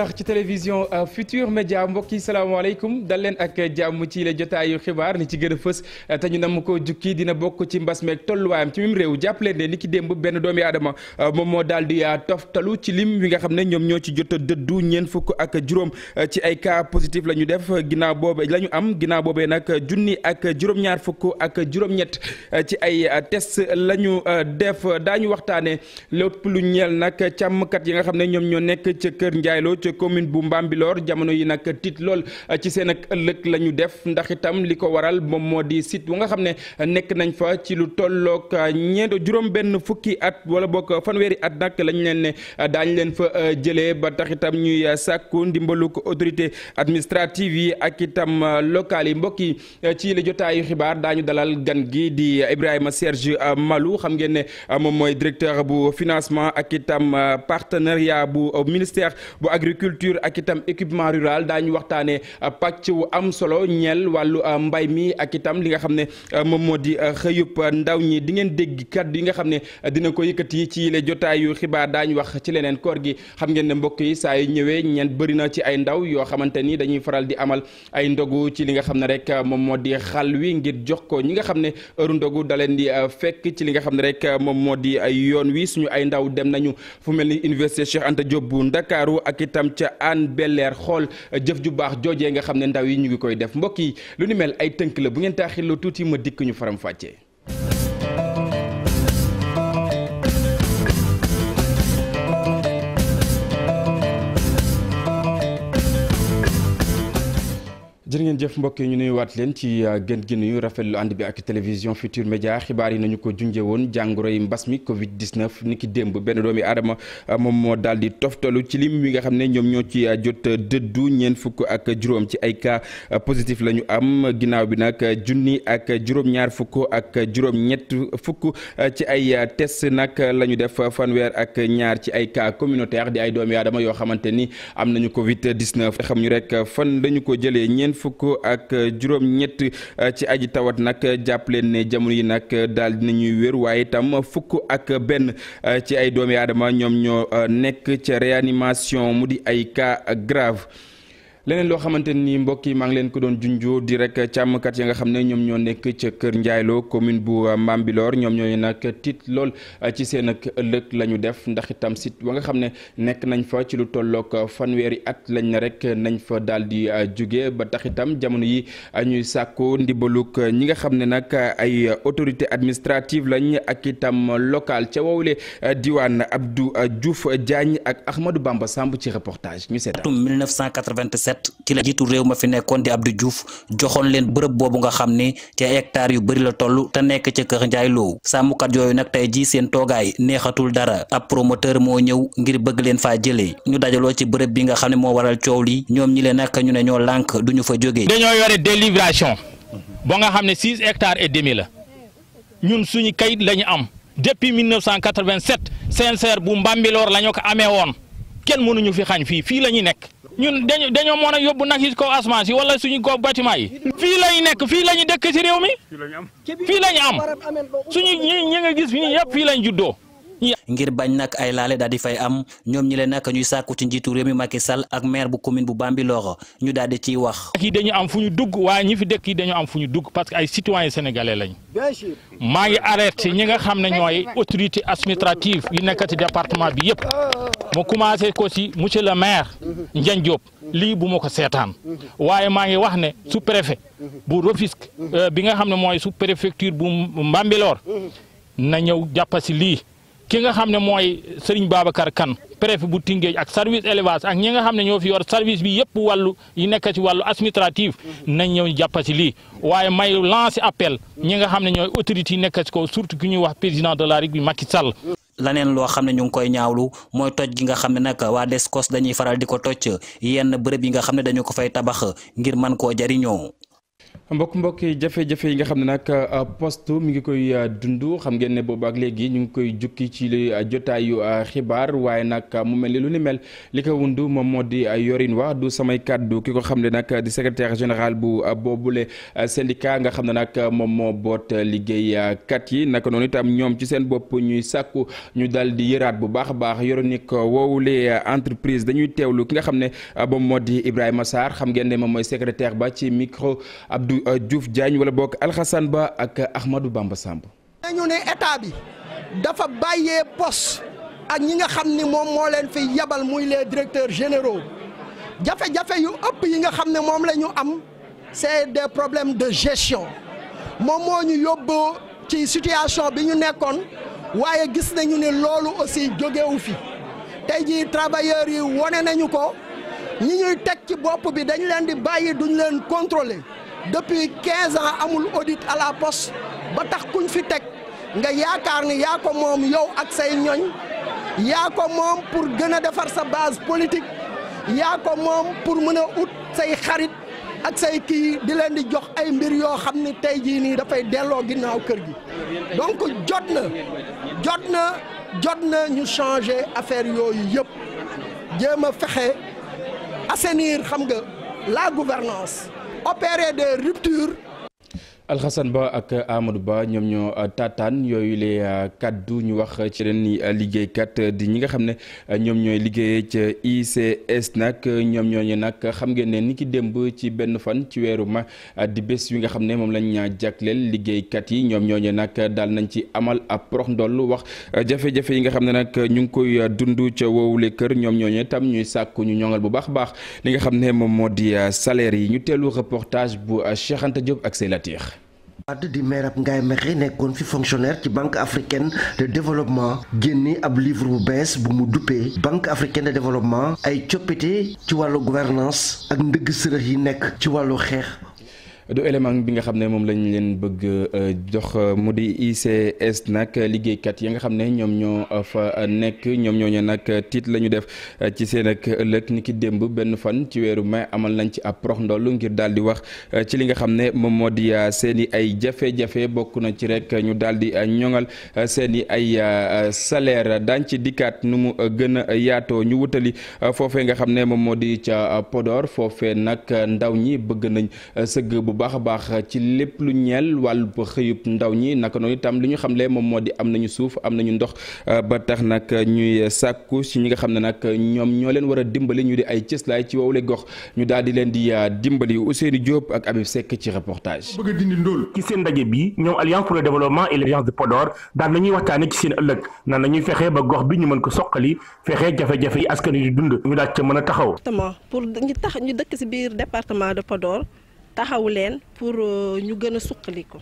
heures ci télévision euh, Futur Média mbokk salaamaaleykum dal leen ak jàmm ci la jotaayu xibaar li ci gën a fës euh, te ñu nam ko jukki dina bokk ci mbas meeg tolluwaayam ci mim réew jàpp leen ni ki démb benn doomi aadama euh, moom moo daal di toftalu ci lim wi nga xam ne ñoom ñoo ci jot a dëddu ñeent fukk ak juróom ci ay cas positif la ñu def ginnaaw boobe la am ginnaaw boobee nag junni ak juróom fukk ak juróom-ñett ci ay test la ñu def daañu waxtaane lépp lu ñeel nag càmmkat yi nga xam ne ñoom ñoo nekk ca kër Ndiayloo te commune bu Mbambilor jamono yi nag tiit lool uh, ci seen ak ëllëg la def ndax itam li ko waral moom moo di sit bu nga xam ne uh, nekk nañ fa ci lu tollook uh, ñeent juróom-benn fukki at wala boog fanweeri at nag lañ leen ne daañ leen fa jëlee ba tax itam ñuy sàkku ndimbalu ko autorité administrative yi ak itam locale yi mbokk yi ci la jotaayu xibaar daañu dalal gan gi di Ibrahima Serge Malou xam ngeen ne moom mooy directeur bu financement ak itam partenariat bu ministère agriculture ak itam équipement rural daañu waxtaanee euh, pàcc wu am solo ñel wàllu euh, mbay mi ak itam li nga xam ne euh, moom moo di xëyub ndaw ñi di ngeen dégg kàddu yi nga xam ne dina ko yëkkati ci yile jotaayu xibaar daañu wax ci leneen koor gi xam ngeen ne mbokk yi saa yu ñëwee ñeent bëri na ci ay ndaw yoo xamante ni dañuy faral di amal ay ndogu ci li nga xam ne rek moom moo di xal wi ngir jox ko ñi nga xam ne heure ndogu da leen di fekk ci li nga xam ne rek moom moo di yoon wi suñu ay ndaw dem nañu fu mel ni université ca Hann belleer air xool eh, jëf ju baax joojee nga xam ne ndaw yi ñu ngi koy def mbokk yi lu ni mel ay tënk la bu ngeen taaxiloo tuuti ma dikk ñu faram fàccee jërë ngeen jëf mbokk yi ñu nuyuwaat leen ci euh, gën gi nuyu rafetlu ànd bi ak télévision Futur Média xibaar yi nañu ko junjee woon jàngoro yi mbas mi Covid 19 niki démb benn doomi aadama euh, moom moo daal di toftalu ci lim wi nga xam ne ñoom ñoo ci euh, jot dëddu ñeent fukk ak juróom ci ay cas positif la ñu am ginnaaw bi nag junni ak juróom-ñaar fukk ak juróom-ñett fukk ci ay test nag lañu def fanweer ak ñaar ci ay cas communautaire di ay doomi aadama yoo xamante ni am nañu Covid 19 xam ñu rek fan la ñu ko jëlee ñeent fukk ak juróom-ñett eh, ci aji tawat nag eh, jàpp leen ne jamono yi nag eh, daal dinañuy wér waaye itam fukk ak benn ci ay doomi aadama ñoom ñoo nekk ca réanimation mu di ay cas grave leneen loo xamante ni mbokk yi maa ngi leen ko doon junjoo di rek càmmkat ya nga xam ne ñoom ñoo nekk ca Kër Ndiaylo commune bu euh, Mambilor ñoom ñooy nag tiit lool euh, ci seenak ak ëllëg la ñu def ndax itam sit wa nga xam ne nekk nañ fa ci lu tollook fanweeri at lañ ne rek nañ fa daal di euh, jóge ba tax itam jamono yi ñuy sàkku ndimbalug ñi nga xam ne nag ay autorité administrative lañ ak itam local ca wowle diwaan Abdou Diouf Diagne ak Ahmadou Bamba Samb ci reportage ñett ci la jiitu réew ma fi nekkoon di Abdou Diouf joxoon leen bërëb boobu nga xam ne ca hectare yu bëri la toll te nekk ca kër Njaay Lo sàmmkat yooyu nag tey jii seen toogaay neexatul dara ab promoteur moo ñëw ngir bëgg leen faa jëlee ñu dajaloo ci bërëb bi nga xam ne moo waral coow li ñoom ñu ne ñoo lànk duñu fa jógee. dañoo demi la ñun suñu kayit la ñu am depuis 1987 CNCR bu Mbambilor la ñu ko amee woon kenn mënuñu fi xañ fii fii la nekk. ñun dañu dañoo mën a yóbbu nag yi kaw asamaan si wala suñu kaw bâtiment yi fii lañ nekk fii lañu dëkk si réew mi fii lañu am suñu ñi nga gis fii yëpp fii lañ juddoo ngir bañ nag ay laale daal di fay am ñoom ñi leen nag ñuy sàkku ci njiitu réew mi Macky Sall ak maire bu commune bu Bambilor ñu daal di ciy wax. kii dañu am fu ñu dugg ñi fi dëkk yi dañu am fu ñu dugg parce que ay citoyens sénégalais lañ maa ngi arrêté ñi nga xam ne ñooy autorité administrative yi nekk ci département bi yëpp mu commencé ko ci monsieur le maire Ndiagne Diop lii bu ma ko seetaan waaye maa ngi wax ne sous préfet bu Rufisque euh, bi nga xam ne mooy sous préfecture bu Mbambilor na ñëw jàppa ci ki nga xam ne mooy Serigne Babacar kan préfet bu Tingéej ak service élevage ak ñi nga xam ne ñoo fi yor service bi yëpp wàllu yi nekk ci wàllu administratif nañ ñëw jàppa li waaye may lancer appel ñi nga xam ne ñooy autorités yi nekk ci ko surtout ki ñuy wax président de la République Macky Sall. laneen loo xam ne ñu ngi koy ñaawlu mooy toj gi nga xam ne nag waa des Descos dañuy faral di ko toj yenn bërëb yi nga xam ne dañu ko fay tabax ngir mën koo jariñoo mbokk mbokk yi jafe-jafe yi nga xam ne nag euh, poste mi ngi koy euh, dund xam ngeen ne boobu ak léegi ñu ngi koy jukki ci li euh, jotaayu xibaar waaye nag mu mel ni lu ni mel li ko wund moom moo di yorin wa du samay kàddu ki ko xam ne nag di secretaire général bu boobule syndicat nga xam ne nag moom moo boot kat yi naka noonu itam ñoom ci seen bopp ñuy sàkku ñu dal di yëraat bu baax a baax yoronik woowule entreprise dañuy teewlu ki nga xam ne moom moo di Ibrahima Sarr xam ngeen moom mooy secrétaire ba ci micro Abdou euh, Diouf Diagne wala bokk Alxassane Ba ak Ahmadou Bamba Samb. ñu ne état bi dafa bàyyee poste ak ñi nga xam ni moom moo leen fi yabal muy les directeurs généraux jafe-jafe yu ëpp yi nga xam ne moom la ñu am c'est des problèmes de gestion moom moo ñu yóbbu ci situation bi ñu nekkoon waaye gis nañu ne loolu aussi jógewu fi tey jii travailleurs yi wone nañu ko ñi ñuy teg ci bopp bi dañ leen di bàyyi duñ leen contrôler depuis 15 ans amul audit à la poste ba tax kuñ fi teg nga yaakaar ni yaa ko moom yow ak say ñoñ yaa ko moom pour gën a defar sa base politique yaa ko moom pour mën a ut say xarit ak say kii di leen di jox ay mbir yoo xam ni tey jii nii dafay delloo ginnaaw kër gi donc jot na jot na jot na ñu changer affaire yooyu yëpp jéem a fexe assainir xam nga la gouvernance opérer des ruptures Alxasan Ba ak Amadou Ba ñoom ñoo euh, taataan yooyu les euh, kaddu ñu wax ci leen ni euh, liggéeykat di ñi nga xam ne ñoom ñooy liggéeyee ca ICS nag ñoom ñooñu nag xam ngeen ne ni ki démb ci benn fan ci weeru ma di bés yi nga xam ne moom lañ ñaa leen liggéeykat yi ñoom ñooñu nag daal nañ ci amal ab prox ndoll wax jafe-jafe yi nga xam ne nag ñu ngi koy dund ca woowule kër ñoom ñooñu tam ñuy sàkku ñu ñoŋal bu baax baax li nga xam ne moom moo di salaire yi ñu teelu reportage bu Cheikh Anta Diop ak Wade di maire ngay Ngaye nekkoon fi fonctionnaire ci banque africaine de développement génne ab livre bu bees bu mu duppee banque africaine de développement ay coppite ci wàllu gouvernance ak ndëgg sërëx yi nekk ci wàllu xeex du élément bi nga xam ne moom lañ leen bëgg euh, jox euh, mu di ICS nag liggéeykat yi nga xam ne ñoom ñoo euh, fa nekk ñoom ñooñu nag tiit la ñu def ci seen ak ëllëg ni ki démb benn fan ci weeru mai amal nañ ci ab prox ndoll ngir daal di wax ci li nga xam ne moom moo di seen i ay jafe-jafe bokk na ci rek ñu daal di ñoŋal seen i ay salaire daañ ci dikkaat nu mu gën yaatoo ñu wutali foofee nga xam ne moom moo di ca podoor foofee nag ndaw ñi bëgg nañ sëgg bu baax a baax ci lépp lu ñeel wàllub xëyub ndaw ñi naka noonu itam li ñu xamle moom moo di am nañu suuf am nañu ndox euh, ba tax nag ñuy sàkku ci ñi nga xam ne nag ñoom ñoo leen war a dimbali ñu di ay cëslaay ci woowule gox ñu daal di leen di euh, dimbali Ousseynou Diop ak Habib Seck ci reportage. bëgg dindi ndóol ci seen ndaje bi ñoom alliance pour le développement et l'alliance de Podor daan nañuy waxtaane ci seen ëllëg nan nañuy fexe ba gox bi ñu mën ko soqali fexe jafe-jafe yi askan yi di dund ñu a taxaw. taxaw leen pour euh, ñu gën suqali ko.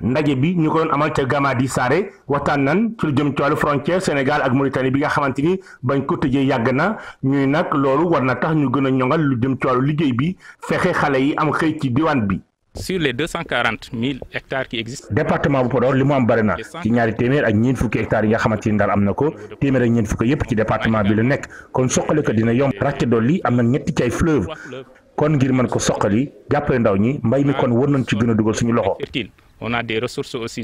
ndaje bi ñu ko doon amal ca Gamadi Saare waxtaan nan ci lu jëm ci wàllu frontière Sénégal ak Mauritanie bi nga xamante ni bañ ko tëjee yàgg na ñuy nag loolu war na tax ñu gën a ñoŋal lu jëm ci liggéey bi fexe xale yi am xëy ci diwaan bi. sur les deux cent quarante mille hectares qui existent. département bu Podor li mu am bëri na ci ñaari téeméer ak ñeent fukki hectares yi nga xamante ni daal am na ko téeméer ak ñeent fukki yëpp ci département bi la nekk kon soqale kon ngir mën ko soqali jàppale ndaw ñi mbay mi kon war nañ ci ah, gën a dugal suñu loxo. on a des ressources aussi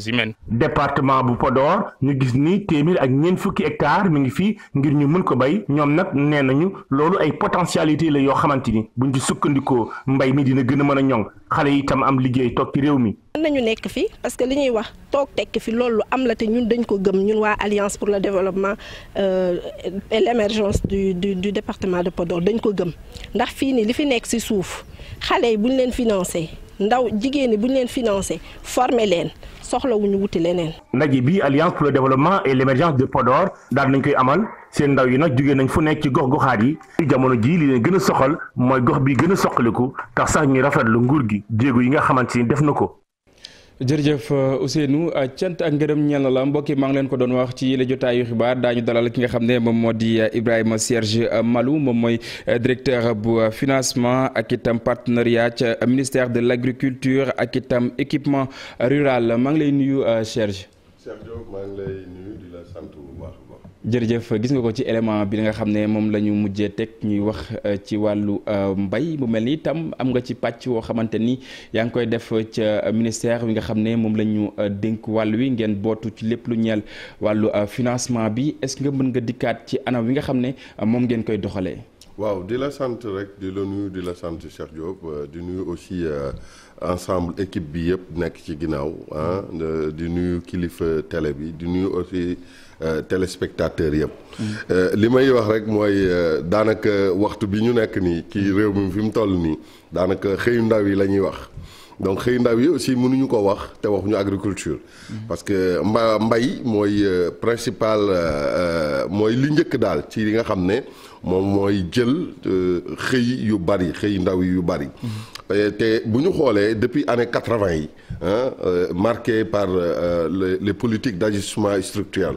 département bu Podor ñu gis ni téeméer ak ñeent fukki ectare mu ngi fii ngir ñu mën ko bay ñoom nag nee nañu loolu ay potentialité la yoo xamante ni buñ ci sukkandikoo mbay mi dina gën a mën a ñoŋ xale yi itam am liggéey toog ci réew mi. mën nañu nekk fi parce que li ñuy wax toog tekk fi loolu am la te ñun dañ ko gëm ñun waa alliance pour le développement euh, et l' émergence du du département de Podor dañ ko gëm ndax fii nii li fi nekk si suuf xale yi buñ leen financé. ndaw jigéen ñi bu ñu leen financé former leen soxlawuñu wuti leneen. ndaje bii alliance pour le développement et l' émergence de podoor daal nañ koy amal seen ndaw yi nag jóge nañ fu nekk ci gox goxaat yi. jamono jii li leen gën a soxal mooy gox bi gën a soqaliku tax sax ñuy rafetlu nguur gi jéego yi nga xamante ni def na ko. jërëjëf euh, Ousseynou euh, cant ak ngërëm ñeel na la mbokki maa ngi leen ko doon wax ci la jotaayu xibaar daañu dalal ki nga xam ne moom moo di euh, Ibrahima cherge Malou moom mooy directeur bu financement ak itam partenariat ca ministère de l' agriculture ak itam équipement rural maa ngi lay nuyu Serge. sant. jërëjëf gis nga ko ci élément bi nga xam ne moom la ñu mujjee teg ñuy wax euh, ci wàllu euh, mbay mu mel ni itam am nga ci pàcc woo xamante ni yaa ngi koy def ca ministère bi nga xam ne moom la ñu euh, dénk wàll wi ngeen bootu ci lépp lu ñeel wàllu financement bi est-ce nga mën nga dikkaat ci anam wi nga xam ne moom ngeen koy doxalee. waaw di la sant rek di la nuyu di la sant Cheikh Diop di nuyu aussi ensemble équipe bi yëpp nekk ci ginnaaw ah di nuyu kilifa tele bi di nuyu aussi. Euh, téléspectateurs yëpp. Euh, li may wax rek mooy euh, daanaka waxtu bi ñu nekk nii ci réew bi fi mu toll nii daanaka xëyu ndaw yi la ñuy wax. donc xëy ndaw yi aussi mënuñu ko wax te waxuñu agriculture parce que mba mbay mooy principal mooy li njëkk daal ci li nga xam ne moom mooy jël xëy yu bari xëy ndaw yu bari te bu ñu xoolee depuis année quatre-vingt yi marqué par les politiques d'ajustement structurel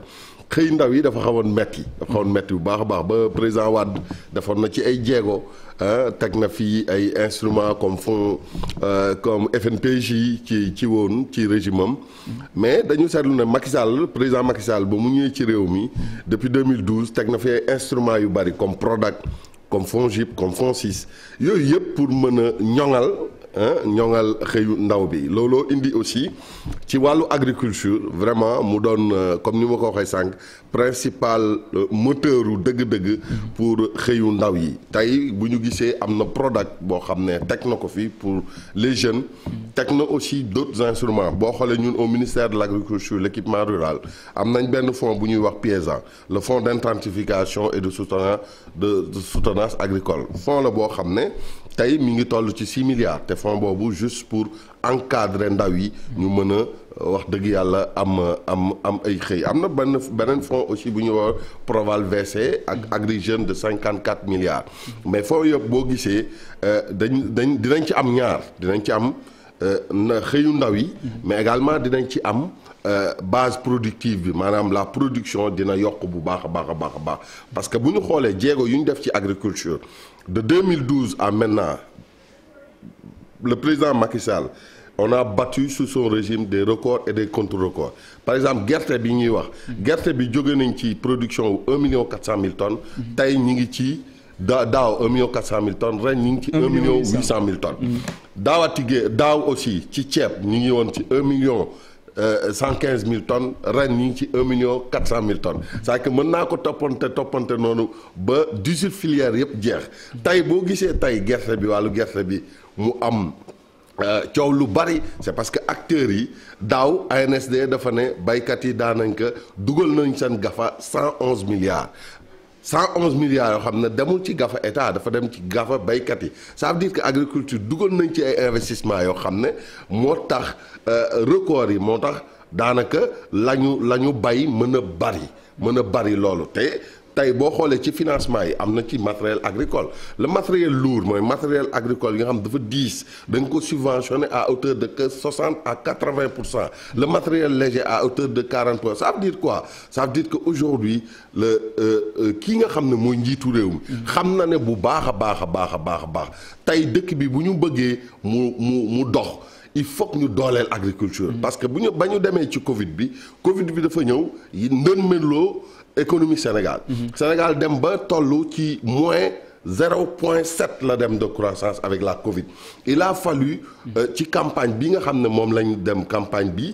xëy ndaw yi dafa xawoon metti dafa xawoon metti bu baax a baax ba président Wade defoon na ci ay jéego ah, teg na fii ay instrument comme fonds euh, comme FNPJ ci ci woon ci régime am mais dañu seetlu ne Macky Sall président Macky ba mu ñëwee ci réew mi depuis 2012 teg na fi ay instruments yu bari comme Prodac comme fonds FONGIP comme fonds FONSIS yooyu yëpp pour mën a ñoŋal. ñoŋal xëyu ndaw bi looloo indi aussi ci wàllu agriculture vraiment mu doon euh, comme ni ma ko waxee sànq principal euh, moteur u dëgg-dëgg pour xëyu ndaw yi tey bu ñu gisee am na Prodac boo xam ne teg na ko fi pour les jeunes teg na aussi d'autres instruments boo xoolee ñun au ministère de l'agriculture l'équipement rural am nañ benn fonds bu ñuy wax PIESA le fonds d'intensification et de soutenance de soutenance agricole fonds la boo xam ne tey mi ngi toll ci 6 milliards te fonds boobu juste pour encadrer ndaw yi ñu mën a euh, wax dëgg yàlla am am ay xëy am na benn beneen font aussi bu ñu wax Proval VC ak Agri Jeunes de 54 milliards mais foo yëpp boo gisee euh, dañ dañ dinañ ci am ñaar dinañ ci am euh, xëyu ndaw yi mais également dinañ ci am Euh, base productive bi maanaam la production dina yokk bu baax a baax a baax a baax parce que bu ñu xoolee jéego yu ñu def ci agriculture de 2012 à maintenant le président Macky Sall on a battu sous son régime des records et des contre-records par exemple gerte bi ñuy wax. gerte bi jóge nañ ci production wu 1 million 400 mille ton tey ñu ngi ci. da daaw 1 million 400 mille tonnes ren ñu ngi ci 1 million 800 mille tonnes. Mm. daawati daaw aussi ci ceeb ñu ngi woon ci un million. Euh, cent quinze mille tonnes ren ñu ngi ci un million quatre cent mille mën naa ko toppante toppante noonu ba dix-huit filières yëpp jeex tey boo gisee tey gerte bi wàllu gerte bi mu am euh, coow lu bari c'est parce que acteurs yi daaw ANSD dafa ne baykat yi daanañ ko dugal nañ seen gafa cent onze milliards 111 milliards yoo xam ne demul ci gafa état dafa dem ci gafa baykat yi ça veut dire que agriculture dugal nañ ci ay investissement yoo xam ne moo tax euh, record yi moo tax daanaka la ñu la ñu bay mën a bari mën a bari loolu te tey boo xoolee ci financement yi am na ci matériel agricole le matériel lourd mooy matériel agricole yi nga xam ne dafa diis da ko subventionné à hauteur de que 60 à 80 pour cent le matériel léger à hauteur de 40 pour cent ça veut dire quoi ça veut dire que aujourd'hui le euh, euh, kii nga xam ne mooy njiitu réew mi xam na ne bu baax a baax a baax a baax a baax tey dëkk bi bu ñu bëggee mu mu mu dox il faut ñu dooleel agriculture mm-hmm. parce que bu ñu ba ñu demee ci covid bi covid bi dafa ñëw économie Sénégal. Mhm. Sénégal dem ba tollu ci moins. 0.7 la dem de croissance avec la Covid il a fallu mhm. euh, ci campagne bi nga xam ne moom lañ dem campagne bi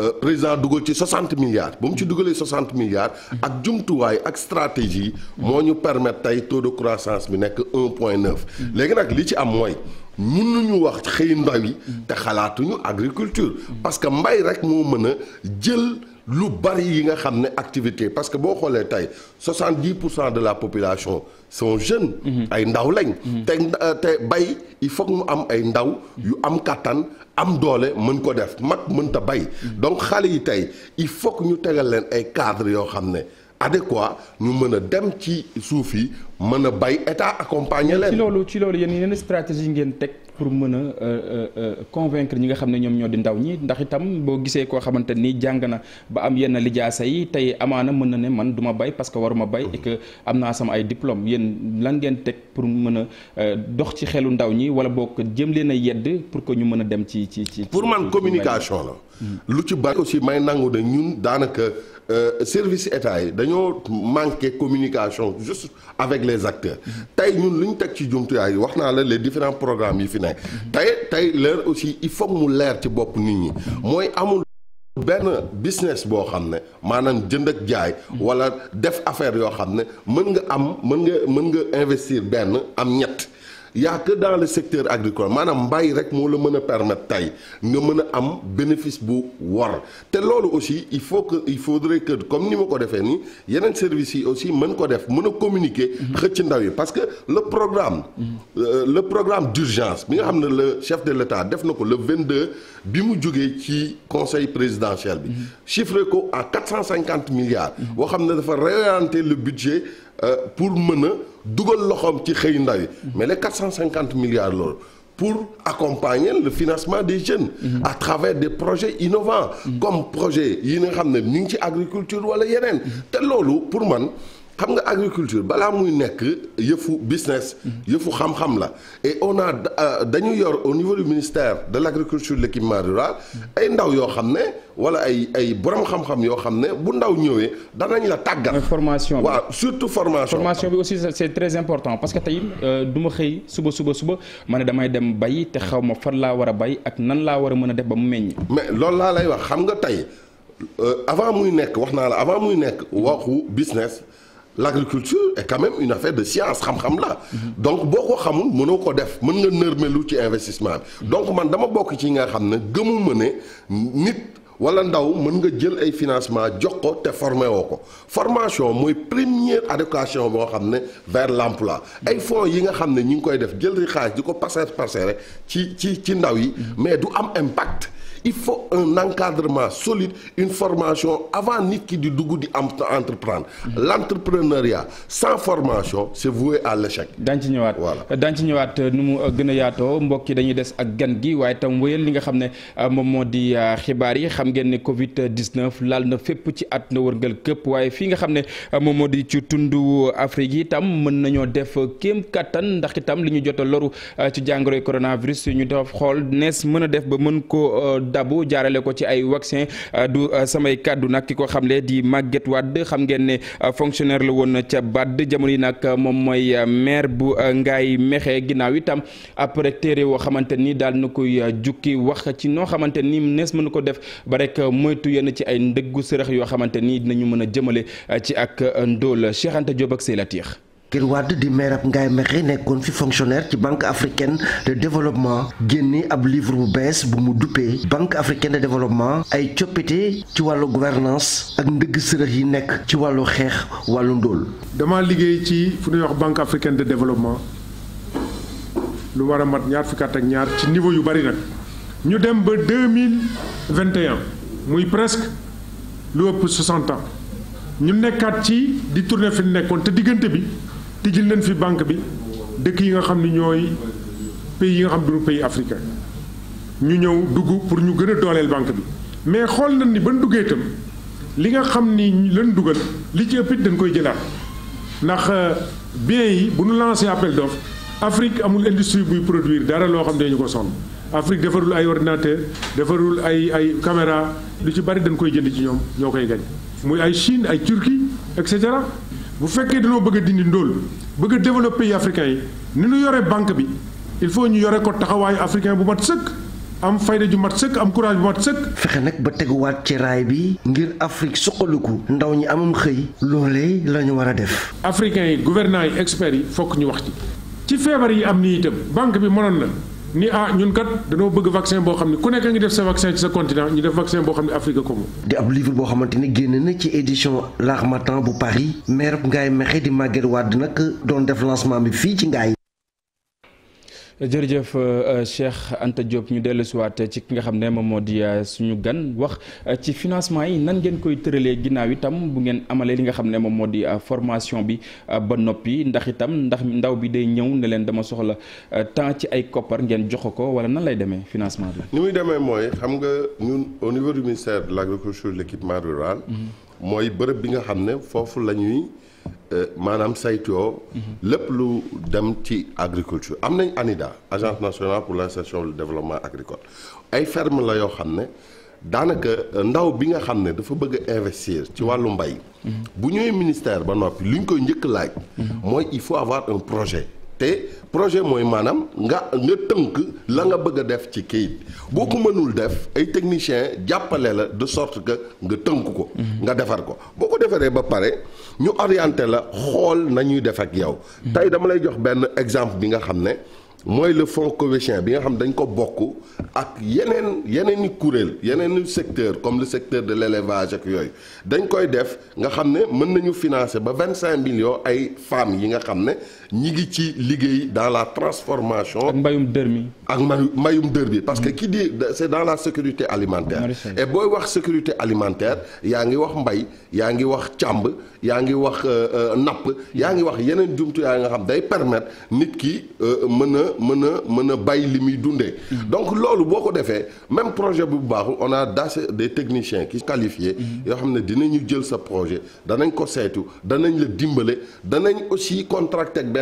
euh, président dugal ci 60 milliards ba mu ci dugalee 60 milliards ak jumtuwaay ak stratégie moo ñu permettre tey taux de croissance bi nekk 1.9 mhm. léegi nag li ci am mooy ñu wax xëy ndaw yi te xalaatuñu agriculture parce que mbay rek moo mën a jël lu bari yi nga xam ne activité parce que boo xoolee tey soixante dix pour cent de la population sont jeunes. Mhm. ay ndaw lañ. Mhm. te euh, te bay il faut mu am ay ndaw yu am kàttan am doole mën ko def mag mënta bay. Mhm. donc xale yi tey il faut que ñu tegal leen ay cadres yoo xam ne. adéquat ñu mën a dem ci suuf yi mën a bay état accompagner leen. ci loolu ci loolu yéen yeneen stratégie ngeen teg. pour mën a euh, euh, euh, ñi nga xam ne ñoom ñoo di ndaw ñi ndax itam boo gisee koo xamante ni jàng na ba am yenn lijaasa yi tey amaana mën na ne man duma ma bay parce que waruma bay et am naa sama ay diplôme yéen lan ngeen teg pour mën a dox ci xelu ndaw ñi wala boo ko jëm leen a yedd pour que ñu mën a dem ci ci ci. pour man communication la. lu ci bari aussi may nangu ne ñun daanaka. Euh, service état yi dañoo manqué communication juste avec les acteurs tey ñun lu ñu teg ci jumtuwaay yi wax naa la les différents programmes yi fi nekk tey tey leer aussi il faut mu leer ci bopp nit ñi mooy amul benn business boo xam ne maanaam jënd ak jaay walla def affaire yoo xam ne mën nga am mën nga mën nga investir benn am ñett y a dans le secteur agricole maanaam mbay rek moo la mën a permettre tey nga mën a am bénéfice bu war te loolu aussi il faut que il faudrait que comme ni ma ko defee nii yeneen services yi aussi mën ko def mën a communiquer. xëcc ndaw yi parce que le programme. Euh, le programme d'urgence bi nga xam ne le chef de l'État def na ko le 22. bi mu jógee ci conseil présidentiel bi. Mhm. chiffré ko à quatre cent cinquante milliards. Mhm. boo xam ne dafa réorienter le budget euh, pour mën a dugal loxoom ci xëy ndaw yi. Mhm. mais les quatre cent cinquante milliards loolu. pour accompagner le financement des jeunes. à travers des projets innovants. Mm -hmm. comme projet yi nga xam ne ñu ngi ci agriculture wala yeneen. te loolu pour man. xam nga agriculture balaa muy nekk yëfu business. yëfu xam-xam la et on a euh, dañu yor au niveau du ministère de l' agriculture l' équipement rural ay ndaw yoo xam ne wala ay ay borom xam-xam yoo xam ne bu ndaw ñëwee danañ la tàggat. formation bi waaw surtout formation. formation bi aussi c' est très important parce que tey euh, du ma xëy suba suba suba ma ne damay dem bay te xaw ma fan laa war a bay ak nan laa war a mën a def ba mu meññ. mais loolu laa lay wax xam nga tey euh, avant muy nekk wax naa la avant muy nekk waxu business. l'agriculture est quand même une affaire de science xam-xam la donc boo ko xamul mënoo ko def mën nga nërmelu ci investissement bi donc man dama bokk ci nga xam ne gëmuma ne nit wala ndaw mën nga jël ay financement jox ko te formé woo ko formation mooy première éducation boo xam ne vers l'emploi ay fonds yi nga xam ne ñi ngi koy def jël di xaalis di ko passer passer ci ci ci ndaw yi mais du am impact il faut un encadrement solide une formation avant nit ki di dugg di am entreprendre mhm. l' entrepreneuriat sans formation c' est voué à l' ñëwaat voilà daañu ñëwaat nu mu gën a yaatoo mbokk yi dañuy des ak gan gi waaye tam wéyal li nga xam ne euh, moom moo di euh, xibaar yi xam ngeen ne Covid 19 laal na fépp ci at na wërngal këpp waaye fii nga xam ne euh, moom moo di ci tundu Afrique yi tam mën nañoo def kéem kattan ndax itam li ñu jot a loru ci jàngoroy coronavirus ñu def xool nees mën a def ba mën ko dabu jaarale ko ci ay vaccin euh, du euh, samay kàddu nag ki ko xamle di Maguette Wade xam ngeen ne euh, fonctionnaire la woon ca BAD jamono yi nag moom mooy maire bu Ngaye mexee ginnaaw itam après téere woo xamante nii daal na koy jukki wax ci noo xamante ni nees mënu ko def ba rek moytu yenn ci ay ndëggu sërëx yoo xamante nii dinañu mën a jëmale ci ak ndool Cheikh Anta Diop ak Seylatiex Zakir Wade di maire ngay Ngaye nekkoon fi fonctionnaire ci banque africaine de développement génne ab livre bu bees bu mu duppee banque africaine de développement ay coppite ci wàllu gouvernance ak ndëgg sërëx yi nekk ci wàllu xeex wàllu ndool dama liggéey ci fu ñuy wax banque africaine de développement lu war a mat ñaar fukki ak ñaar ci niveau yu bari nag ñu dem ba deux mille vingt muy presque lu ëpp soixante ans. ñu nekkaat ci di tourner fi nekkoon te diggante bi tijjil nañ fi banque bi dëkk yi nga xam ni ñooy pays yi nga xam duñu pays africain ñu ñëw dugg pour ñu gën a dooleel banque bi mais xool nañ ni ban duggee itam li nga xam ni lan dugal li ci ëpp it dañ koy jëlaat ndax euh, biens yi bu ñu lancé appel d'offre Afrique amul industrie buy produire dara loo xam ne ñu ko sonn Afrique defarul ay ordinateur defarul ay ay caméra lu ci bari dañ koy jënd ci ñoom ñoo koy gañ muy ay Chine ay Turquie et bu fekkee dañoo bëgg a dindi ndóol bëgg a développer pays yi ni ñu yore banque bi il faut ñu yore ko taxawaayu africain bu mat sëkk am fayda ju mat sëkk am courage bu mat sëkk. fexe nag ba teguwaat ci raay bi ngir Afrique suqaliku ndaw ñi amam xëy loolee la ñu war a def. africain yi gouvernants yi experts yi fokk ñu wax ci ci feebar yi am nii itam banque bi mënoon na. ni ah ñun kat dañoo bëgg vaccin boo xam ne ku nekk ngi def sa vaccin ci sa continent ñu def vaccin boo xam ne Afrique ko moom. di ab livre boo xamante ni génn na ci édition L'Harmattan bu Paris maire Ngaye Mekhe di Maguette Wade nag doon def lancement bi fii ci Ngaye jërëjëf euh, euh, Cheikh Anta Diop ñu dellu siwaat ci ki nga xam ne moom moo di euh, suñu gan wax ci financement yi nan ngeen koy tëralee ginnaaw itam bu ngeen amalee li nga xam ne moom moo di formation bi ba noppi ndax itam ndax ndaw bi day ñëw ne leen dama soxla temps ci ay koppar ngeen jox ko wala nan lay demee financement bi. ni muy deme mooy xam nga ñun au niveau du ministère de l' agriculture et rural. Mhm. mooy bërëb bi nga xam ne foofu la ñuy. Euh, maanaam saytoo. Mhm. lépp lu dem ci agriculture am nañ ANIDA agence nationale pour l'insertion le développement agricole ay ferme la yoo xam ne daanaka ndaw bi nga xam ne dafa bëgg a investir ci wàllu mbay. Mhm. bu ñëwee ministère ba noppi lu ñu koy njëkk laaj. Mhm. mooy il faut avoir un projet. te projet mooy maanaam nga nga tënk la nga bëgg a def ci kayit boo ko mënul def ay techniciens jàppale la de sorte que nga tënk ko. nga defar ko boo ko defaree ba pare. ñu orienté la xool nañuy def ak yow. tey dama lay jox benn exemple bi nga xam ne mooy le fonds cowéchien bi nga xam dañ ko bokk ak yeneen yeneen i kuréel yeneen i secteur comme le secteur de l'élevage ak yooyu dañ koy def nga xam ne mën nañu financer ba vingt cinq millions ay femmes yi nga xam ne ñi ngi ci liggéey dans la transformation. ak mbayum dër mi. ak mbayum dër bi parce que ki di c'est dans la sécurité alimentaire. et booy wax sécurité alimentaire yaa ngi wax mbay yaa ngi wax càmb yaa ngi wax euh, euh, napp yaa ngi wax yeneen yaa nga xam day permettre nit ki euh, mën a mën a mën a bay li muy dundee. Mm-hmm. donc loolu boo ko defee même projet bu baaxul on a des techniciens qui qualifiés. Mm-hmm. yoo xam ne dinañu jël sa projet danañ ko saytu danañ la dimbale danañ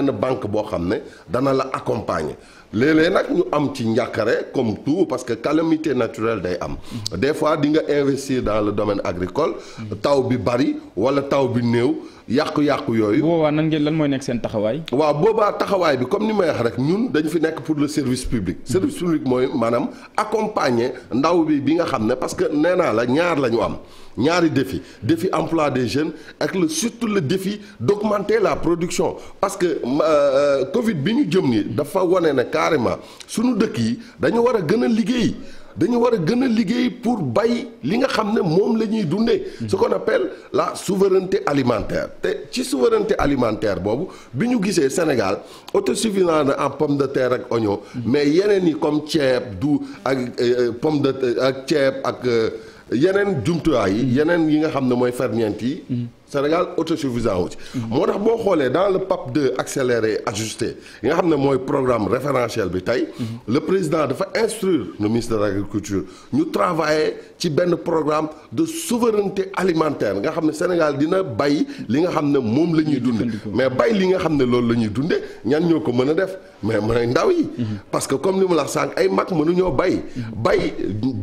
benn banque boo xam ne dana la accompagne léeg-léeg nag ñu am ci njàkkare comme tout parce que calamité naturelle day am des fois di nga investir dans le domaine agricole taw bi bari wala taw bi néew yàqu-yàqu yooyu. boobaa nan ngeen lan mooy nekk seen taxawaay. waaw boobaa taxawaay bi comme ni may wax rek ñun dañu fi nekk pour le service public. Mm-hmm. service public mooy maanaam accompagner ndaw bi bi nga xam ne parce que nee naa la ñaar lañu am. ñaari defi defi emplois des jeunes ak le surtout le défi d'augmenter la production parce que euh, euh Covid bi ñu jëm ni dafa wane ne carrément suñu dëkk yi dañu war a gën a liggéey. dañu war a gën a liggéey pour bay li nga xam ne moom la ñuy dundee. ce qu'on appelle la souveraineté alimentaire te ci souveraineté alimentaire boobu bi ñu gisee Sénégal autosuffisant na en pomme de terre ak oignon. mais yeneen yi comme ceeb du ak euh, pomme de ak ceeb ak euh, yeneen jumtuwaay yi. yeneen yi nga xam ne mooy ferñeent yi. Sénégal autosuffisant wu ci. moo tax boo xoolee dans le PAP 2 accéléré ajusté yi nga xam ne mooy programme référentiel bi tey. le président dafa instruire le ministre de agriculture ñu travailler ci benn programme de souveraineté alimentaire nga xam ne Sénégal dina bay li nga xam ne moom la ñuy dunde mais bay li nga xam ne loolu la ñuy dunde ñan ñoo ko mën a def mais mën ndaw yi. parce que comme li ma la sànq ay mag mënuñoo bay. bay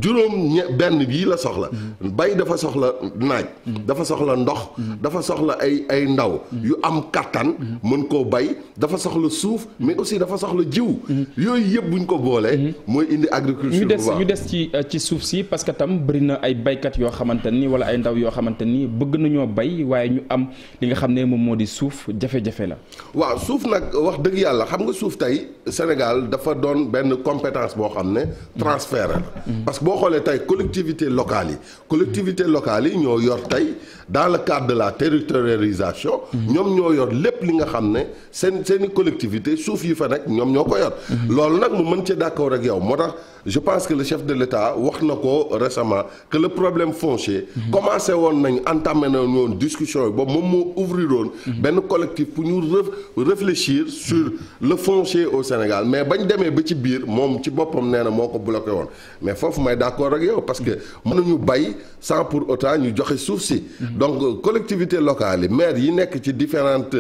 juróom benn bii la soxla. bay dafa soxla naaj. dafa soxla ndox. dafa soxla ay ay ndaw yu am kattan mën koo bay dafa soxla suuf mais aussi dafa soxla jiw yooyu yëpp ñu ko boolee mooy indi agriculture ñu des ñu des ci euh, ci suuf si parce que tam bëri na ay baykat yoo xamante ni wala ay ndaw yoo xamante nii bëgg nañoo bay waaye ñu am li nga xam ne moom moo di suuf jafe-jafe la waaw suuf nag wax dëgg yàlla xam nga suuf tey Sénégal dafa doon benn compétence boo xam ne transfert la mm-hmm. parce que boo xoolee tey collectivité locale yi collectivité locale yi ñoo yor tey dans le cadre de la territorialisation. ñoom ñoo yor lépp li nga xam ne seen seen collectivité suuf yi fa nekk ñoom ñoo ko yor. loolu nag mu mën cee d'accord ak yow moo je pense que le chef de l'État wax na ko récemment le problème foncier. commencé woon nañ entamé na woon boobu moom moo ouvriroon benn collectif pour ñu réfléchir sur le foncier au Sénégal mais bañ demee ba ci biir moom ci boppam nee na moo ko bloqué woon mais foofu may d'accord ak yow parce que mënuñu bay sans pour autant ñu joxe suuf si. donc collectivités locales yi maires yi nekk ci différentes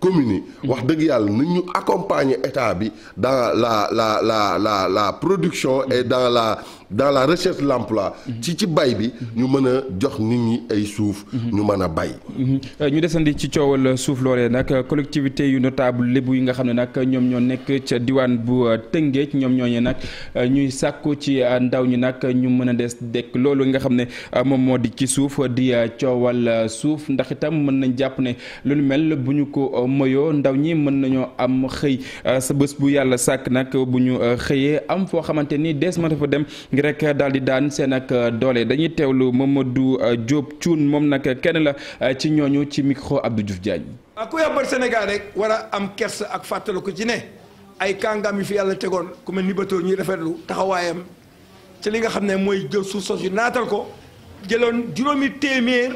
communes yi wax mhm. dëgg yàlla nu ñu accompagner état bi dans la la la la la production et dans la dans la recherche de l'emploi ci ci bay bi ñu mën a jox nit ñi ay suuf ñu mën a bay mhm. ñu desandi ci coowal suuf loolee nag collectivité yu notable lébu yi nga xam ne nag ñoom ñoo nekk ca diwaan bu euh, Tëngéej ñoom ñooñee nag euh, ñuy sàkku ci euh, ndaw ñi nag ñu mën a des dekk loolu nga xam ne moom moo di ci suuf di coowal suuf ndax itam mën nañ jàpp ne lu mel bu ñu ko moyoo ndaw ñi mën nañoo am xëy sa bés bu yàlla sàkk nag bu ñu xëyee am foo xamante ni dees ma dafa dem ngir rek daal di daan seen ak euh, doole dañuy teewlu Mamadou euh, Diop Thioune moom nag kenn la euh, ci ñooñu ci micro Abdou Diouf Diagne. waaw ku yàbbar Sénégal rek war a am kersa ak fàttaliku ci ne ay kàngam yu fi yàlla tegoon ku mel ni Bator ñuy rafetlu taxawaayam ci li nga xam ne mooy jël suuf sos yu naatal ko jëloon juróomi téeméer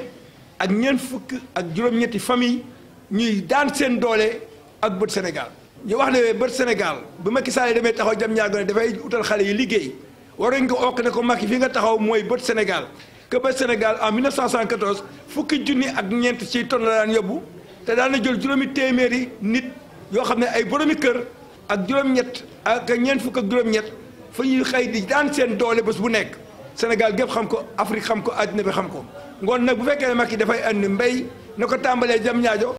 ak ñeent fukk ak juróom-ñetti famille ñuy daan seen doole ak bët Sénégal. ñu wax ne bët Sénégal bu ki Sall demee taxaw jam ñaago ne utal xale yi liggéey. waruñ ko okk ne ko Macky fi nga taxaw mooy bët Sénégal que ba Sénégal en 1974 fukki junni ak ñeent ci tonn la daan yóbbu te daan na jël juróomi téeméeri nit yoo xam ne ay boromi kër ak juróom-ñett ak ñeent fukk ak juróom-ñett fa ñuy xëy di daan seen doole bés bu nekk Sénégal gépp xam ko Afrique xam ko àddina bi xam ko ngoon nag bu fekkee ne yi dafay andi mbay na ko tàmbalee jam ñaajo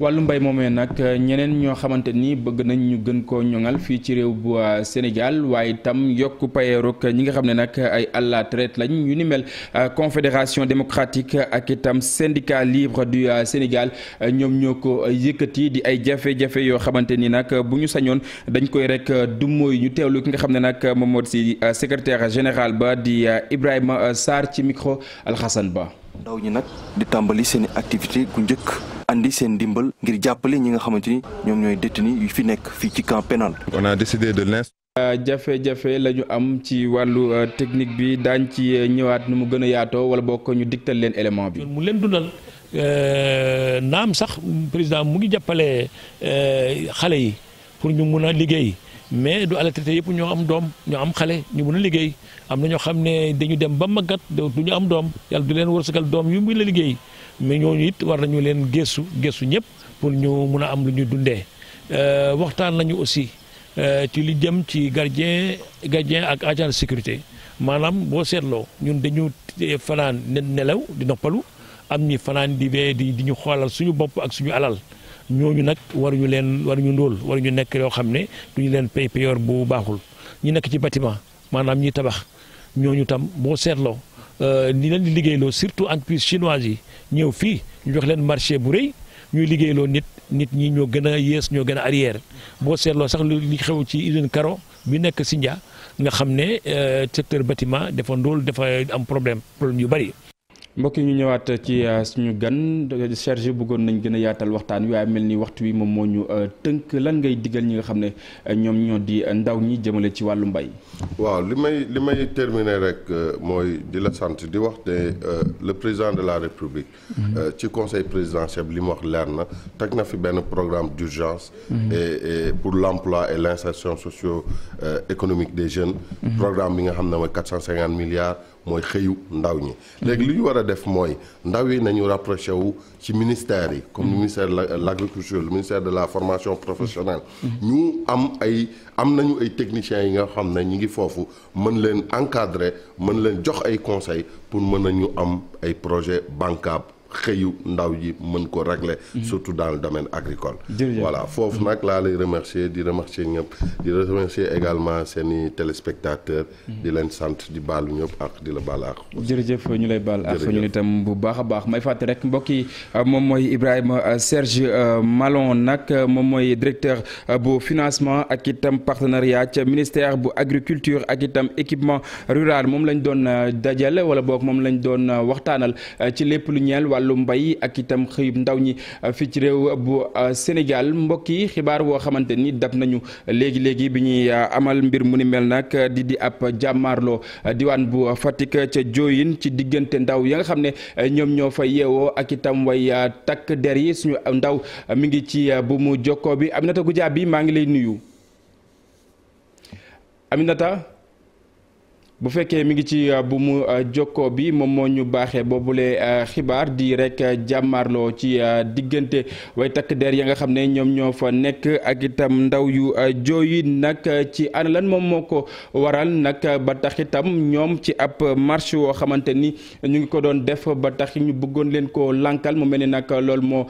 wàllu mbay moomee nag ñeneen ñoo xamante ni bëgg nañ ñu gën koo ñoŋal fii ci réew bu euh, Sénégal waaye itam yokk payeeruk ñi nga xam ne nag ay àlla traite lañ ñu ni mel euh, confédération démocratique ak itam syndicat libre du euh, Sénégal ñoom ñoo ko yëkkati di ay jafe-jafe yoo xamante ni nag bu ñu sañoon dañ koy rek du mooy ñu teewlu ki nga xam ne nag moom moo si secrétaire général ba di Ibrahima Sarr ci micro Alxasan Ba ndaw ñi nag di tàmbali seen i activité gu njëkk andi seen ndimbal ngir jàppale ñi nga xamante ni ñoom ñooy détenu yu fi nekk fii ci camp pénal. on a décidé de euh, jafe-jafe la ñu am ci wàllu euh, technique bi daañ ci euh, ñëwaat nu mu gën a yaatoo wala boo ko ñu digtal leen élément bi. mu leen dundal naam sax président mu ngi jàppale xale yi pour ñu mun a liggéey mais du alal traité yëpp ñoo am doom ñoo am xale ñu mun a liggéey. am na ñoo xam ne dañu dem ba màggat du ñu am doom yàlla du leen wërsëgal doom yu muy la liggéey mais ñooñu it war nañu leen gëstu gëstu ñëpp pour ñu mun a am lu ñu dundee euh, waxtaan lañu aussi euh, ci lu jëm ci gardien gardien ak agent sécurité maanaam boo seetloo ñun dañu fanaan nelaw di noppalu am ñi fanaan di wee di di ñu xoolal suñu bopp ak suñu alal ñooñu nag waruñu leen waruñu ndóol ñu nekk yoo xam ne ñu leen pay payor bu baaxul ñu nekk ci bâtiment maanaam ñi tabax ñooñu tam boo seetloo euh, ni leen di liggéeyloo surtout entreprise chinoise yi ñëw fii ñu jox leen marché bu rëy ñuy liggéeyloo nit nit ñi ñoo gën a yées ñoo gën a arrière boo seetloo sax li xew ci usine Karo bi nekk si Sindia nga xam ne euh, secteur bâtiment dafa ndóol dafa am problème problème yu bari mbokk yi ñu ñëwaat ci euh, suñu gan chargé bëggoon nañ gën a yaatal waxtaan wi waaye mel ni waxtu wi moom moo ñu euh, tënk lan ngay digal ñi nga xam ne euh, ñoom ñoo di ndaw ñi jëmale ci wàllu mbay. waaw li may li may terminer rek mooy di la sant di wax ne le président de la république. Mhm. ci conseil présidentiel li mu wax leer na teg na fi benn programme d'urgence. Mhm. et et pour l'emploi et l'insertion socio-économique des jeunes. Mhm. programme bi nga xam ne mooy 450 milliards. mooy xëyu ndaw ñi léegi li ñu war a def mooy ndaw yi nañu rapproché wu ci ministère yi comme ministère de l'agriculture le ministère de la formation professionnelle ñu am ay am nañu ay techniciens yi nga xam ne ñi ngi foofu mën leen encadrer mën leen jox ay conseils pour mën nañu am ay projet bancable xëyu ndaw ji mën ko régler mhm. surtout dans le domaine agricole voilà foofu mhm. nag laa lay remercier di remercier ñëpp di remercier également seeni téléspectateurs mhm. di leen sant di baalu ñëpp ak di la baal jërëjëf ñu lay baal ak ñu itam bu baax a baax may fàtte rek mbokk yi euh, moom mooy Ibrahima euh, Serge euh, Malon nag moom mooy directeur bu financement ak itam partenariat ca ministère bu agriculture ak itam équipement rural moom lañ doon dajale wala boog moom lañ doon waxtaanal ci lépp lu mbay ak itam xëyub ndaw ñi uh, fii ci réew bu uh, Sénégal mbokk yi xibaar woo xamante ni dab nañu léegi léegi bi ñuy uh, amal mbir mu ni mel nag di di ab jàmmaarloo diwaan bu Fatick ca Diohine ci diggante ndaw ya nga xam ne ñoom ñoo fa yeewoo ak itam way takk der yi suñu ndaw mi ngi ci bu mu jokkoo bi Aminata Goudia bi maa ngi lay nuyu Aminata bu fekkee mu ngi ci euh, bu mu euh, jokkoo bi moom moo ñu baaxee boobule euh, xibaar di rek jàmmaarloo ci diggante way takk der ya nga xam ne ñoom ñoo fa nekk ak itam ndaw yu jooyi nag ci ana lan moom moo ko waral nag ba tax itam ñoom ci ab marche woo xamante ni ñu ngi ko doon def ba tax ñu bëggoon leen ko lankal mu mel ni nag loolu moo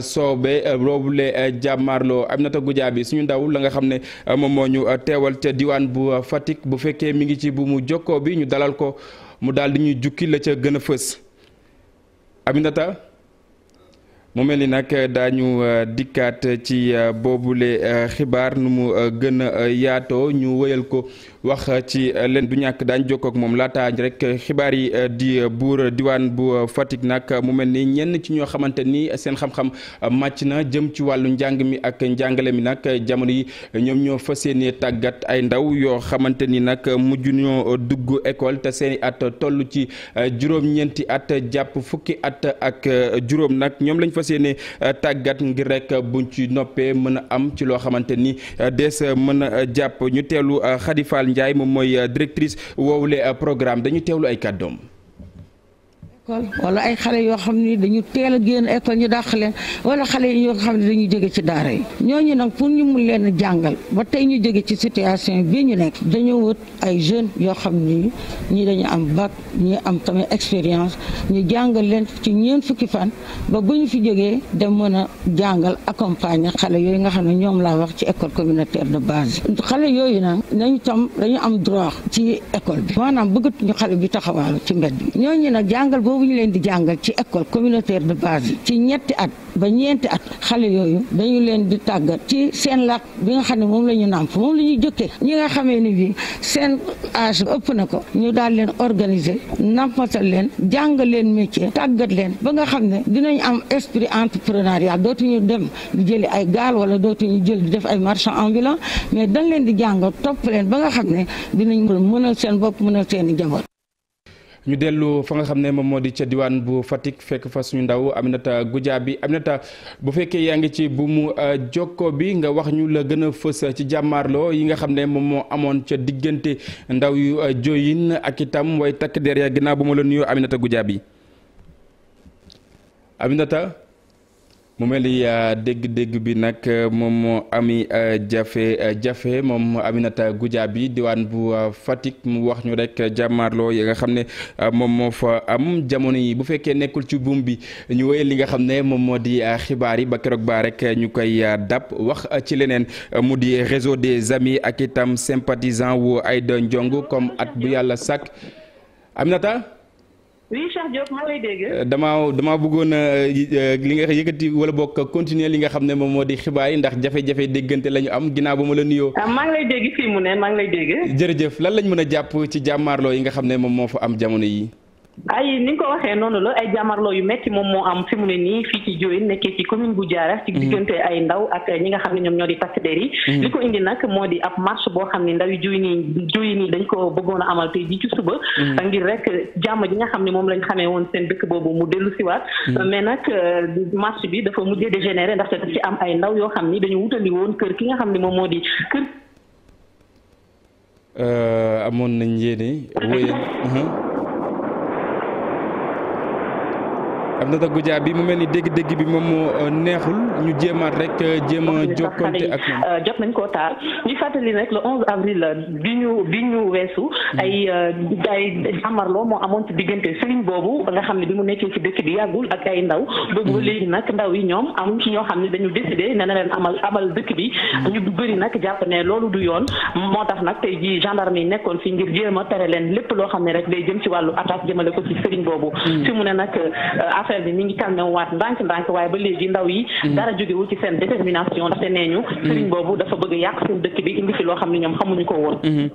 soobe boobule jàmmaarloo Aminata Goudiaby suñu ndaw la nga xam ne moom moo ñu teewal ca diwaan bu Fatick bu fekkee mi ngi jokkoo bi ñu dalal ko mu daldi ñuy jukki la ca gën a fës Aminata mu mel ni nag daañu euh, dikkaat ci euh, boobule euh, xibaar nu mu gën a yaatoo ñu woyal ko wax ci euh, leen du ñàkk daañ jokkoo ak moom laata rek xibaar yi euh, di euh, buur diwaan bu Fatick nag mu mel ni ñenn ci ñoo xamante ni seen xam-xam màcc na jëm ci wàllu njàng mi ak njàngale mi nag jamono yi ñoom ñoo fas yéene tàggat ay ndaw yoo xamante ni nag mujj ñoo dugg école te seen i at toll ci juróom-ñeenti at jàpp fukki at ak juróom nag ñoom lañ fas yéene tàggat ngir rek buñ ci noppee mën a am ci loo xamante ni dees mën a jàpp ñu teelu Xadi jaay moom mooy euh, directrice woowule euh, programme dañu teewlu ay kàddoom. école wala ay xale yoo xam ni dañu teel a génn école ñu dàq leen wala xale yoo xam ne dañu jóge ci daara yi ñooñu nag pour ñu mun leen jàngal ba tey ñu jóge ci situation bi ñu nekk dañoo wut ay jeunes yoo xam ni ñi dañu am bac ñi am tamit expérience ñu jàngal leen ci ñeent fukki fan ba bu ñu fi jógee dem mën a jàngal accompagner xale yooyu nga xam ne ñoom laa wax ci école communautaire de base xale yooyu nag dañu tam dañu am droit ci école bi maanaam bëggatuñu xale bi taxawaalu ci mbedd bi boobu ñu leen di jàngal ci école communautaire de base ci ñetti at ba ñeenti at xale yooyu dañu leen di tàggat ci seen làkk bi nga xam ne moom la ñu nàmp moom la ñuy jëkkee ñi nga xamee ni bii seen age ëpp na ko ñu daal leen organiser nàmpatal leen jàngal leen métier tàggat leen ba nga xam ne dinañ am esprit entrepreneuriat dootuñu dem di jëli ay gaal wala dootuñu jël di def ay marchand ambulant mais dañ leen di jàngal topp leen ba nga xam ne dinañ mënal seen bopp mënal seen i jaboot ñu dellu fa nga xam ne moom moo di ca diwaan bu Fatick fekk fa suñu ndaw Aminata Goudia bi Aminata bu fekkee yaa ngi ci bu mu euh, jokko bi nga wax ñu la gën a fës ci jàmmaarloo yi nga xam ne moom moo amoon ca diggante ndaw yu euh, joyin ak itam way takk der ya ginnaaw bu ma la nuyoo Aminata Goudia bi mu mel ni euh, dégg-dégg bi nag euh, moom moo ami jafe-jafe euh, moom Aminata Goudiaby diwaan bu Fatick mu wax ñu rek jàmmaarloo yi nga xam ne moom moo fa am jamono yi bu fekkee nekkul ci buum bi ñu wéyee li nga xam ne moom moo di xibaar yi ba keroog ba rek ñu koy dab wax ci leneen mu di réseau des sami ak itam sympathisant wu Aïda Ndiong comme at bu yàlla sàkk Aminata. oui Cheikh Diop maa lay dégg. Euh, damaa damaa bëggoon euh, euh, li nga wala bokk continuer li nga xam ne moom moo di xibaar yi ndax jafe-jafe déggante lañu am ginnaaw ba ma la nuyoo. Ah, maa ngi lay dégg fii mu ne maa ngi lay dégg. jërëjëf lan lañ mën a jàpp ci jàmmaarloo yi nga xam ne moom moo fa am jamono yi ay ni nga waxee noonu la ay jàmmarloo yu metti moom moo am fi mu ne nii fii ci Diohine nekkee ci commune bu Diarra ci mhm. diggante ay ndaw ak ñi nga xam ne ñoom ñoo di takk yi mhm. li ko indi nag moo di ab marche boo xam ne ndaw yi Diohine yi Diohine yi ko bëggoon a amal tey ji ci suba mhm. ngir rek jàmm ji nga xam ne moom lañ xamee woon seen dëkk boobu mu dellu siwaat mais nag euh, marche bi dafa mujjee dégénéré ndaxte daf ci am ay ndaw yoo xam ni dañu wutali woon kër ki nga xam ne moom moo di kër euh, amoon nañ yéene uh-huh. am na Goudia bi mu mel ni dégg-dégg bi moom moo euh, neexul ñu jéemaat rek euh, jéem a jokkonte euh, jot nañ ko taal ñu fàttali rek le 11 avril bi ñu bi ñu weesu mm. ay ay jàmmarloo moo amoon ci diggante sëriñ boobu nga xam ne bi mu nekkee ci dëkk bi yàggul ak ay ndaw mm. boobu ba léegi nag ndaw yi ñoom am ci ñoo xam ne dañu décidé ne na leen amal amal dëkk bi mm. ñu bëri nag jàpp ne loolu du yoon moo tax nag tey jii gendarme yi nekkoon fi ngir jéem a tere leen lépp loo xam ne rek day jëm ci wàllu attaque jëmale ko ci sëriñ boobu affaire bi mi ngi calmé waat ndànk ndànk waaye ba léegi ndaw yi mm. dara jógewul ci seen détermination te nee ñu mm. sëriñ boobu dafa bëgg yàq seen dëkk bi indi fi loo xam ne ñoom xamuñu ko woon mm-hmm.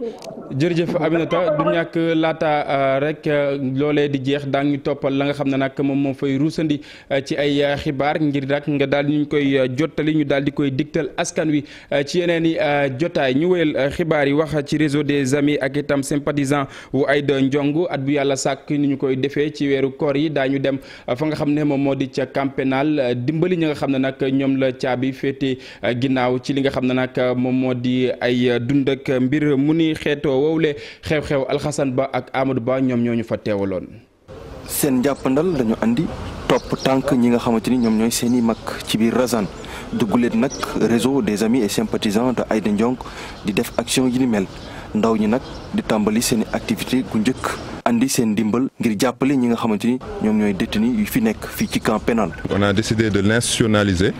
jërëjëf Aminata du ñàkk laata euh, rek euh, loolee di jeex daa ñu toppal la nga xam ne nag moom moo fay ruusandi euh, ci ay xibaar ngir nag nga daal ñu koy jottali ñu daal di koy digtal askan wi ci yeneen i jotaay ñu wéyal xibaar yi wax ci réseau des amis ak itam sympathisant wu Aïda Ndiongue at bu yàlla sàkk ni ñu koy defee ci weeru koor yi daañu dem fa nga xam ne moom moo di ca camp dimbali ñi nga xam ne nag ñoom la caabi féete ginnaaw ci li nga xam ne nag moom moo di ay dund ak mbir mu ni xeetoo wowle xew-xew Alxasan Ba ak amadu Ba ñoom ñoo ñu fa teewaloon. seen njàppandal dañu indi topp tànk ñi nga xamante ni ñoom ñooy seen i mag ci biir Razane dugg leen nag réseau des amis et sympathisants de Aïda Ndiong di def action yi ni mel ndaw ñi nag di tàmbali seen i activité ku njëkk. andi seen ndimbal ngir jàppale ñi nga xamante ni ñoom ñooy détenus yu fi nekk fii ci camp pénal. on a décidé de l'institutionnaliser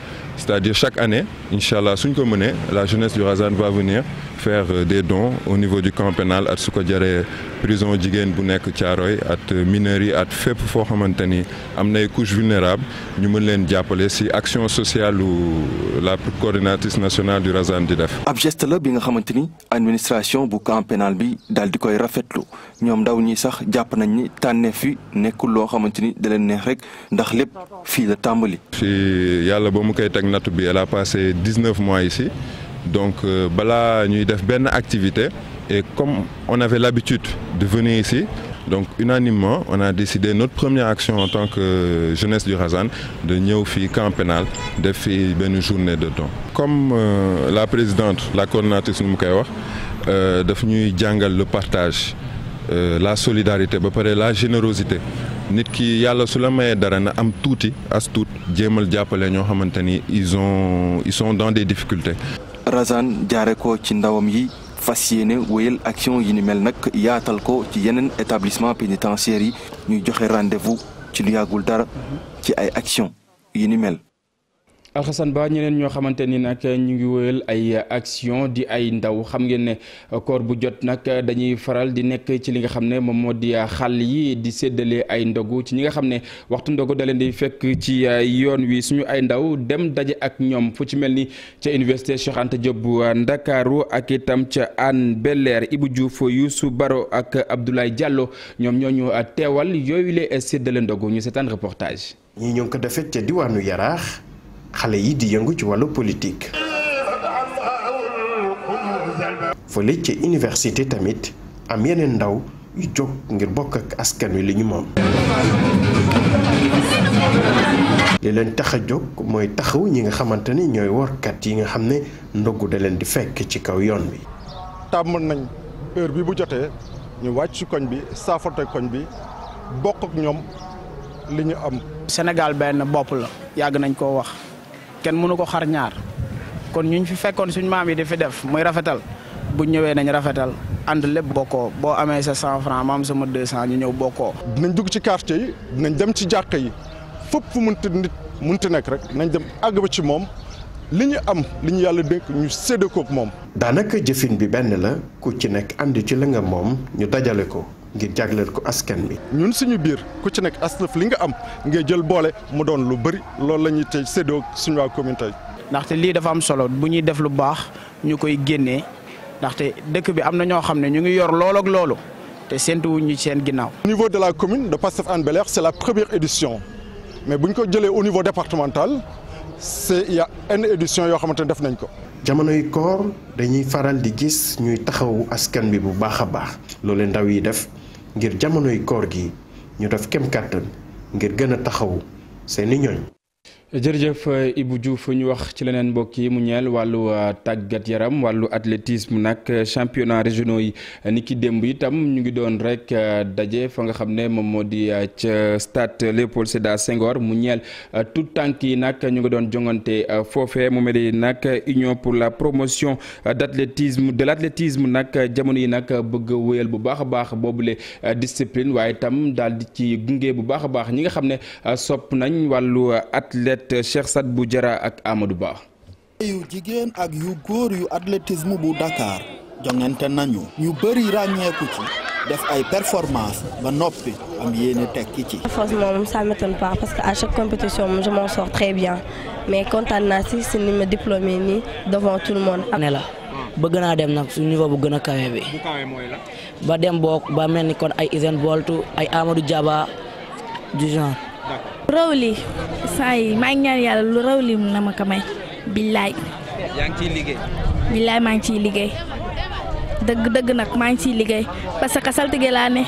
cest chaque dire chaque allah Inch'Allah, suñ ko mënee la jeunesse du Razane va venir faire euh, des dons au niveau du camp pénal at su ko jaree prison jigéen bu nekk Thiaroye at euh, mineurs yi at fépp foo xamante ni am nay couches vulnérables ñu mën leen jàppale si action sociale lu euh, la coordinatrice nationale du Razane di def. ab geste la bi nga xamante ni administration bu camp pénal bi daal di koy rafetlu ñoom ndaw ñi sax jàpp nañ ni tànneef yi nekkul loo xamante ni da leen neex rek ndax lépp yàlla ba mu koy teg nattu bi elle a passé dix-neuf mois ici donc euh, bala ñuy def benn activité et comme on avait l'habitude de venir ici donc unanimement on a décidé notre première action en tant que euh, jeunesse du Razane de ñëw fii camp pénal def fii benn journée de don comme euh, la présidente la coordonnatrice nu mu koy wax daf ñuy jàngal le partage Euh, la solidarité ba pare la générosité nit ki yàlla su la mayee dara na am tuuti as tuut jéemal jàppale ñoo xamante ni ils ont ils sont dans des difficultés. razan jaare ko ci ndawam yi fas yéene wéyal action yi ni mel nag yaatal ko ci yeneen établissement pénitentiaire yi ñuy joxe rendez-vous ci lu yàggul dara ci ay action yi ni mel. Alxasan Ba ñeneen ñoo xamante ni nag ñu ngi wëyal ay action di ay ndaw xam ngeen ne koor bu jot nag dañuy faral di nekk ci li nga xam ne moom moo di xàll yi di séddale ay ndogu ci ñi nga xam ne waxtu ndogu da leen di fekk ci yoon wi suñu ay ndaw dem daje ak ñoom fu ci mel ni ca université Cheikh Anta bu Ndakaaru ak itam ca Hann Bel-Air Ibou yu su Baro ak Abdoulaye Diallo ñoom ñooñu ñu teewal yooyu lee séddale ndogu ñu seetaan reportage. ñii ñoo ngi ko defee xale yi di yëngu ci wàllu politique. fële ci université tamit am yeneen ndaw yu jóg ngir bokk ak askan wi li ñu moom. li leen tax a jóg mooy taxaw ñi nga xamante ni ñooy warkat yi nga xam ne ndogu da leen di fekk ci kaw yoon wi tàmm nañ heure bi bu jotee ñu wàcc koñ bi saafarte koñ bi bokk ak ñoom li ñu am. Sénégal benn bopp la yàgg nañ koo wax. kenn mënu ko xar ñaar kon ñu fi fekkoon suñ maam yi di fi def muy rafetal bu ñëwee nañ rafetal ànd lépp bokkoo boo amee sa cent francs ma am sama 200 ñu ñëw bokkoo. dinañ dugg ci quartier yi dinañ dem ci jàkka yi fépp fu mënti nit mënti nekk rek nañ dem àgg ba ci moom li ñu am li ñu yàlla dénk ñu séddee koog moom. daanaka jëfin bi benn la ku ci nekk andi ci la nga moom ñu dajale ko. ngir jagleel ko askan bi ñun suñu biir ku ci nekk aslëf li nga am ngay jël boole mu doon lu bëri loolu la ñuy tey séddoo suñu waa commune tey ndaxte lii dafa am solo bu ñuy def lu baax ñu koy génnee ndaxte dëkk bi am na ñoo xam ne ñu ngi yor loolu ak loolu te séntu wu ñu seen ginnaaw. au de la commune de Pastef Hann Bel-Air c'est la première édition mais bu ñu ko jëlee au niveau départemental c'est ya y a édition yoo xamante ne def nañ ko. jamonoy koor dañuy faral di gis ñuy taxawu askan bi bu baax a baax loolu ndaw yi def. ngir jamonoy koor gi ñu def kem kàttan ngir gën a taxawu seeni ñooñ jërëjëf eh, Ibou Diouf ñu wax ci leneen mbokk yi mu ñeel wàllu eh, tàggat yaram wàllu athlétisme nag eh, championnat régionaux yi ni ki démb itam ñu ngi doon rek daje fa nga xam ne moom moo di ca stade Léopold Sédar Senghor mu ñeel tout tànk yi nag ñu ngi doon jongante foofe mu mel ni nag union pour la promotion d' athlétisme de l' athlétisme nag jamono yi nag bëgg a wéyal bu baax a baax boobule discipline waaye itam daal di ci gunge bu baax a baax ñi nga xam ne sopp nañ wàllu athlète athlète Cheikh Sadbou Diarra ak Ba. yu jigéen ak yu góor yu athlétisme bu Dakar jongante nañu. ñu bëri ràññeeku ci def ay performance ba noppi am yéene tekki ci. force moom ça m'étonne pas parce que à chaque compétition je m'en sors très bien mais kontaan naa la bëgg naa dem nag a mel ni kon ay Usain Bolt ay Amadou Diaba du genre. lu raw lii saa maa ngi ñaan yàlla lu raw lii na ma ko may billaay. ciy liggéey. billaay maa ngi ciy liggéey dëgg dëgg nag maa ngi ciy liggéey parce que saltige laa ne.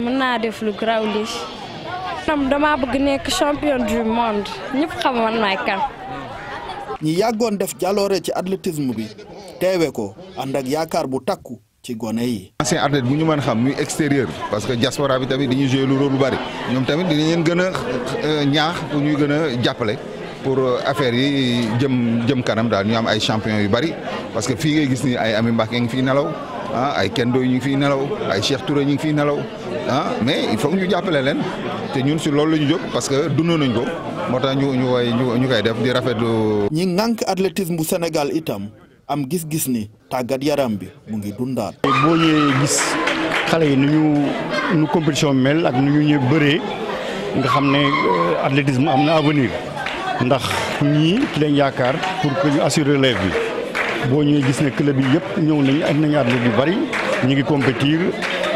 mën naa def lu raw lii. maanaam damaa bëgg nekk champion du monde ñëpp xam man maay kan. ñi yàggoon def jaloore ci athlétisme bi teewe ko ànd ak yaakaar bu takku. ci gone yi. ancien athlète bu ñu mën xam muy extérieur parce que diaspora bi tamit dañuy joué lu rôle bu bari ñoom tamit dinañ leen gën a euh, ñaax pour ñuy gën a jàppale. pour euh, affaire yi jëm jëm kanam daal ñu am ay champion yu bari parce que fii ngay gis ni ay Ami Mbacké fi fiy nelaw ah ay Kendo ñu ngi fiy nelaw ay Cheikh Touré ñu ngi fiy nelaw ah mais il faut ñu jàppale leen te ñun si loolu la ñu jóg parce que dund nañ ko moo tax ñu ñu koy ñu koy def di rafetlu. ñi ngànk athlétisme bu Sénégal itam am gis-gis ni tàggat yaram bi mu ngi dundaat. boo ñëwee gis xale yi nu ñu nu compétition mel ak nu ñu ñëw bëree nga xam ne euh, athlétisme am na avenir ndax ñii ci lañ yaakaar pour que ñu assurer relève bi boo ñëwee gis ne club yi yëpp ñëw nañu am nañu athlète yu bari ñu ngi compétir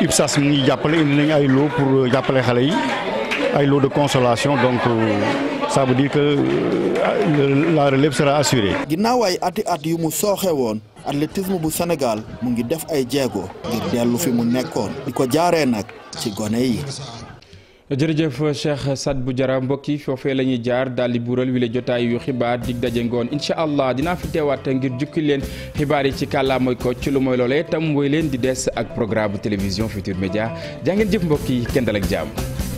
IPSAS mu ngi jàppale indi nañu ay loo pour jàppale xale yi ay loo de consolation donc. Euh, ça veut dire que euh, la relève sera assurée. ginnaaw ay ati at yu mu sooxe woon athlétisme bu senegal mu ngi def ay jéego ngir dellu fi mu nekkoon di ko jaaree nag ci gone yi. jërëjëf Cheikh Sadbou Diarra mbokk yi foofee la ñuy jaar daal di buural wile jotaay yu xibaar dig daje ngoon incha allah dinaa fi teewaat ngir jukki leen xibaar yi ci kàllaama ko ci lu mooy loolee tam mooy leen di des ak programme télévision Futur Média jaa jëf mbokki yi kenn dal ak jàmm.